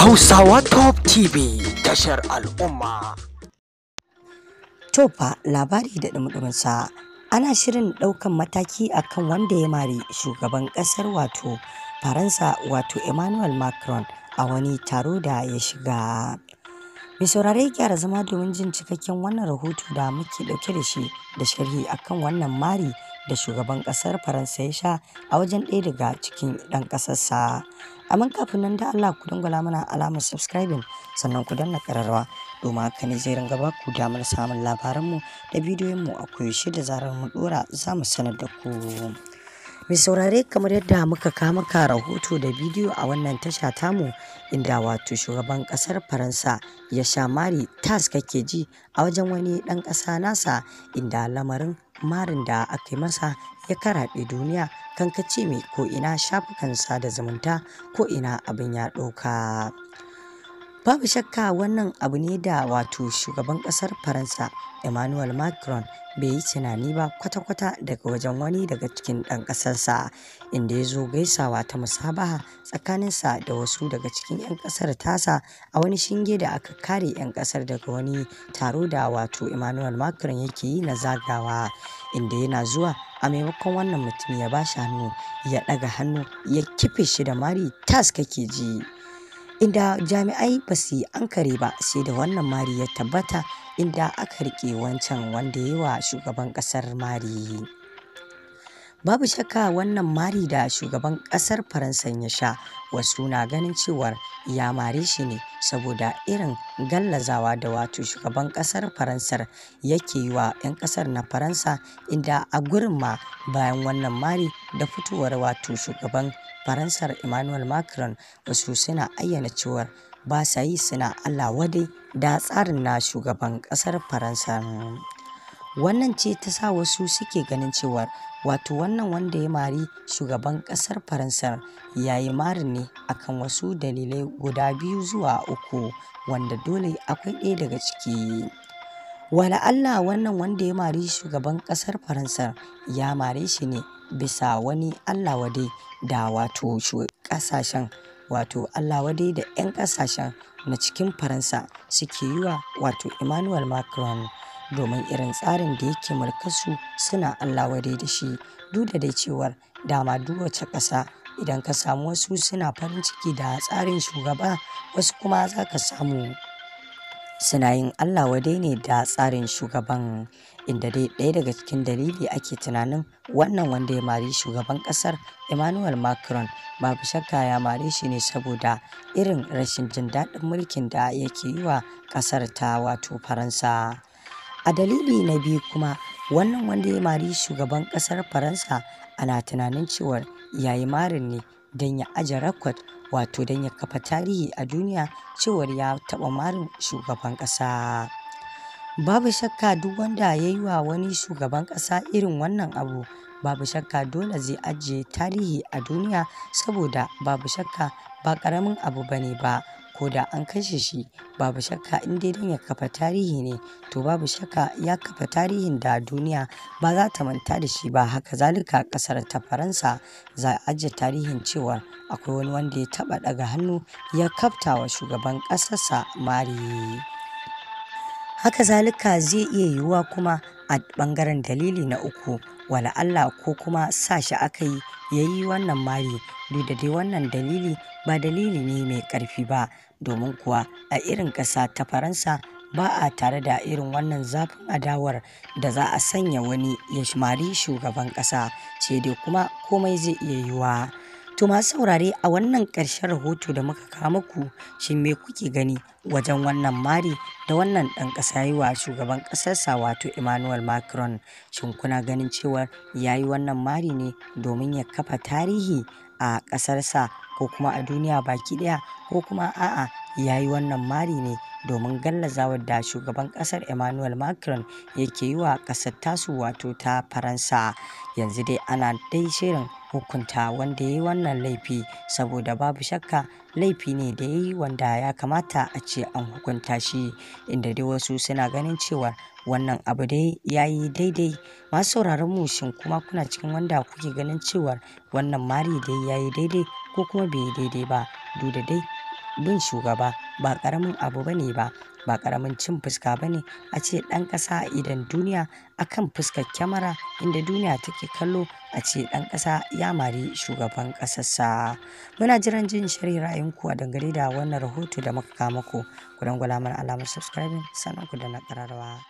Hausawa Top TV tashar al'umma. Topa labari da ɗumɗuminsa ana shirin ɗaukan mataki akan wanda ya mari shugaban ƙasar wato Faransa wato Emmanuel Macron a wani taro da ya shiga. Mai saurare ya gyara zama domin jin cikakken wannan rahoto da muke dauke da shi da sharhi akan wannan mari da shugaban kasar Faransa ya sha a wajen ɗaya daga cikin ɗan ƙasarsa. Amma kafin nan da Allah ku dangwala mana alamar subscribing sannan ku danna ƙararrawa domin haka ne zai ringa ku damar samun labaranmu da bidiyoyinmu a koyaushe da zarar mu ɗora za mu sanar da ku. Mai saurare kamar yadda muka kama ka rahoto da bidiyo a wannan tasha tamu inda wato shugaban kasar Faransa ya sha mari tas kake ji a wajen wani ɗan ƙasa nasa inda lamarin marin da aka yi masa ya karaɗe duniya kankace mai ko ina shafukan sada zumunta ko ina abin ya ɗauka. babu shakka wannan abu ne da wato shugaban kasar faransa emmanuel macron bai yi tunani ba kwata-kwata daga wajen wani daga cikin ɗan ƙasarsa inda ya zo gaisawa ta musabaha tsakaninsa da wasu daga cikin 'yan ƙasar tasa a wani shinge da aka kare 'yan ƙasar daga wani taro da wato emmanuel macron yake yi na zagawa inda yana zuwa a maimakon wannan mutum ya ba shi hannu ya ɗaga hannu ya kife shi da mari tas kake ji. inda jami'ai ba su yi ankare ba sai da wannan mari ya tabbata inda aka rike wancan wanda ya yi wa shugaban kasar mari. Babu shakka wannan mari da shugaban ƙasar Faransa ya sha wasu na ganin cewar ya mare shi ne saboda irin gallazawa da wato shugaban ƙasar Faransar yake yi wa 'yan ƙasar na Faransa inda a gurin ma bayan wannan mari da fitowar wato shugaban Faransar Emmanuel Macron wasu suna ayyana cewar ba sa yi suna Allah wadai da tsarin na shugaban ƙasar Faransa. wannan ce ta sa wasu suke ganin cewar wato wannan wanda ya mari shugaban kasar faransa ya yi marin ne akan wasu dalilai guda biyu zuwa uku wanda dole akwai ɗaya daga ciki wala Allah wannan wanda ya mari shugaban kasar faransa ya mare shi ne bisa wani Allah wade da wato kasashen wato Allah wade da 'yan kasashen na cikin faransa suke yiwa wato emmanuel macron domin irin tsarin da yake mulkarsu suna wadai da shi, duk da dai cewar dama duk wace ƙasa idan ka samu wasu suna farin ciki da tsarin shugaba wasu kuma za ka samu suna yin Allah wadai ne da tsarin shugaban inda dai ɗaya daga cikin dalili ake tunanin wannan wanda ya mari shugaban ƙasar emmanuel macron babu shakka ya mari shi ne saboda irin rashin jin daɗin mulkin da yake yi wa ƙasar ta wato faransa A dalili na biyu kuma, wannan wanda ya mari shugaban ƙasar Faransa ana tunanin cewar ya yi marin ne don ya aje rakwat wato don ya kafa tarihi a duniya cewar ya taɓa marin shugaban ƙasa. Babu shakka duk wanda ya yi wa wani shugaban ƙasa irin wannan abu babu shakka dole zai ajiye tarihi a duniya saboda babu shakka ba ƙaramin abu bane ba. ko da an kashe shi babu shakka in dai don ya kafa tarihi ne to babu shakka ya kafa tarihin da duniya ba za ta manta da shi ba haka zalika kasar ta faransa za a ajiye tarihin cewar akwai wani wanda ya taba daga hannu ya kafta wa shugaban kasarsa mari haka zalika zai iya yiwuwa kuma a bangaren dalili na uku wala Allah ko kuma sa shi aka yi ya yi wannan mari duk da dai wannan dalili ba dalili ne mai ƙarfi ba domin kuwa a irin ƙasa ta faransa ba a tare da irin wannan zafin adawar da za a sanya wani ya mari shugaban ƙasa ce dai kuma komai zai iya yiwuwa. To masu saurare a wannan ƙarshen rahoto da muka kawo muku shin me kuke gani wajen wannan mari da wannan ɗan ƙasa yi wa shugaban ƙasarsa wato Emmanuel Macron shin kuna ganin cewa ya yi wannan mari ne domin ya kafa tarihi a ƙasarsa ko kuma a duniya baki ɗaya ko kuma a'a ya yi wannan mari ne domin gallazawa da shugaban ƙasar emmanuel macron yake yi wa ƙasar tasu wato ta faransa yanzu dai ana dai shirin hukunta wanda ya yi wannan laifi saboda babu shakka laifi ne da ya yi wanda ya kamata a ce an hukunta shi inda dai wasu suna ganin cewa wannan abu dai ya yi daidai masu sauraron mu shin kuma kuna cikin wanda kuke ganin cewar wannan mari dai ya yi daidai ko kuma bai yi daidai ba duk da dai bin shugaba ba ƙaramin abu bane ba ba ƙaramin cin fuska bane a ce ɗan ƙasa a idan duniya akan fuskar kyamara inda duniya take kallo a ce ɗan ƙasa ya mari shugaban ƙasassa muna jiran jin shirin ra'ayinku a dangane da wannan rahoto da muka kawo ku ku dangwala mana alamar subscribing sannan ku da na ƙararrawa